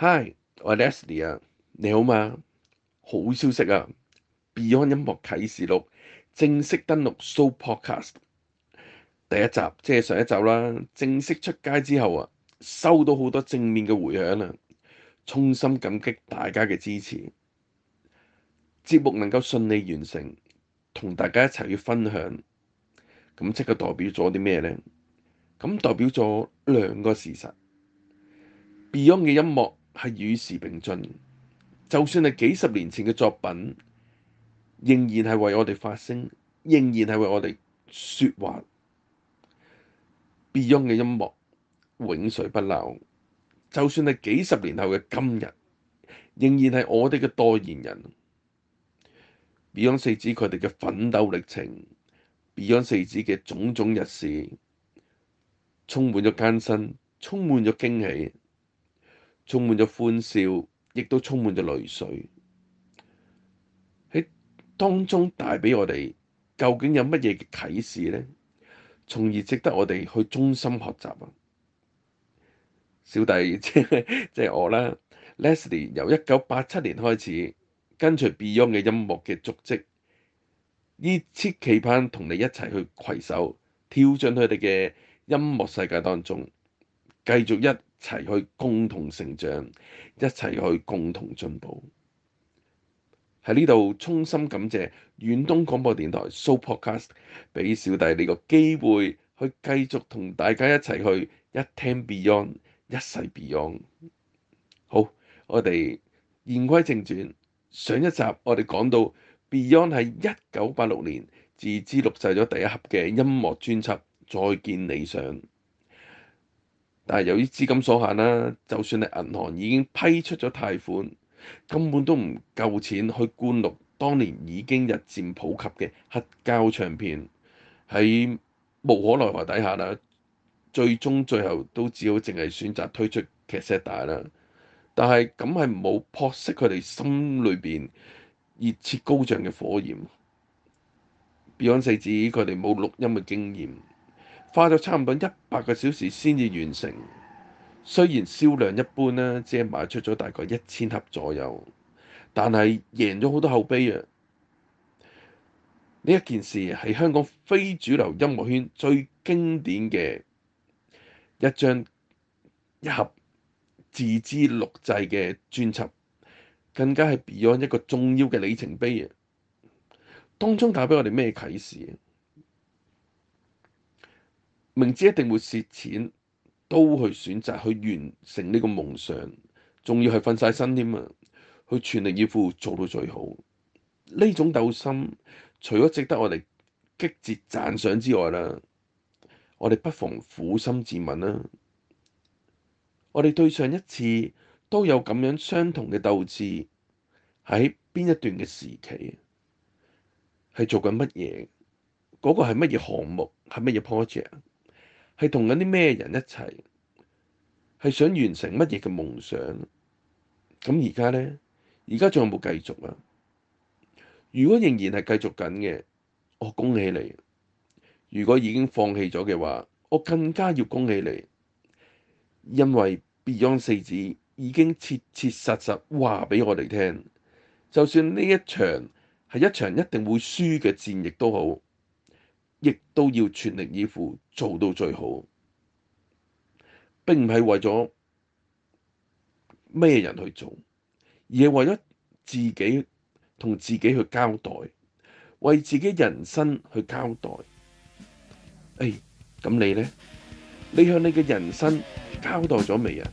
Hi，我係 Leslie 啊，你好嗎？好消息啊！Beyond 音樂啟示錄正式登陸 So Podcast 第一集，即係上一集啦。正式出街之後啊，收到好多正面嘅回響啊，衷心感激大家嘅支持。節目能夠順利完成，同大家一齊去分享，咁即係代表咗啲咩呢？咁代表咗兩個事實，Beyond 嘅音樂。係與時並進，就算係幾十年前嘅作品，仍然係為我哋發聲，仍然係為我哋說話。Beyond 嘅音樂永垂不朽，就算係幾十年後嘅今日，仍然係我哋嘅代言人。Beyond 四子佢哋嘅奮鬥歷程，Beyond 四子嘅種種日事，充滿咗艱辛，充滿咗驚喜。充滿咗歡笑，亦都充滿咗淚水。喺當中帶俾我哋，究竟有乜嘢嘅啟示呢？從而值得我哋去忠心學習啊，小弟即係 我啦，Leslie 由一九八七年開始跟隨 Beyond 嘅音樂嘅足跡，熱切期盼同你一齊去攜手跳進佢哋嘅音樂世界當中，繼續一一齊去共同成長，一齊去共同進步。喺呢度衷心感謝遠東廣播電台 Supercast 俾小弟呢個機會去繼續同大家一齊去一聽 Beyond，一世 Beyond。好，我哋言歸正傳，上一集我哋講到 Beyond 係一九八六年自資錄製咗第一盒嘅音樂專輯《再見理想》。但係由於資金所限啦，就算係銀行已經批出咗貸款，根本都唔夠錢去灌錄當年已經日漸普及嘅黑膠唱片。喺無可奈何底下啦，最終最後都只好淨係選擇推出卡式帶啦。但係咁係冇撲熄佢哋心裏邊熱切高漲嘅火焰。Beyond 四子佢哋冇錄音嘅經驗。花咗差唔多一百個小時先至完成，雖然銷量一般啦，只係賣出咗大概一千盒左右，但係贏咗好多口碑啊！呢一件事係香港非主流音樂圈最經典嘅一張一盒自資錄製嘅專輯，更加係 Beyond 一個重要嘅里程碑啊！當中帶俾我哋咩啟示？明知一定會蝕錢，都去選擇去完成呢個夢想，仲要係瞓晒身添啊！去全力以赴做到最好，呢種鬥心，除咗值得我哋激節讚賞之外啦，我哋不妨苦心自問啦，我哋對上一次都有咁樣相同嘅鬥志，喺邊一段嘅時期，係做緊乜嘢？嗰個係乜嘢項目？係乜嘢 project？係同緊啲咩人一齊？係想完成乜嘢嘅夢想？咁而家咧，而家仲有冇繼續啊？如果仍然係繼續緊嘅，我恭喜你；如果已經放棄咗嘅話，我更加要恭喜你，因為 Beyond 四子已經切切實實話俾我哋聽，就算呢一場係一場一定會輸嘅戰役都好。亦都要全力以赴做到最好，並唔係為咗咩人去做，而係為咗自己同自己去交代，為自己人生去交代。哎，咁你咧？你向你嘅人生交代咗未啊？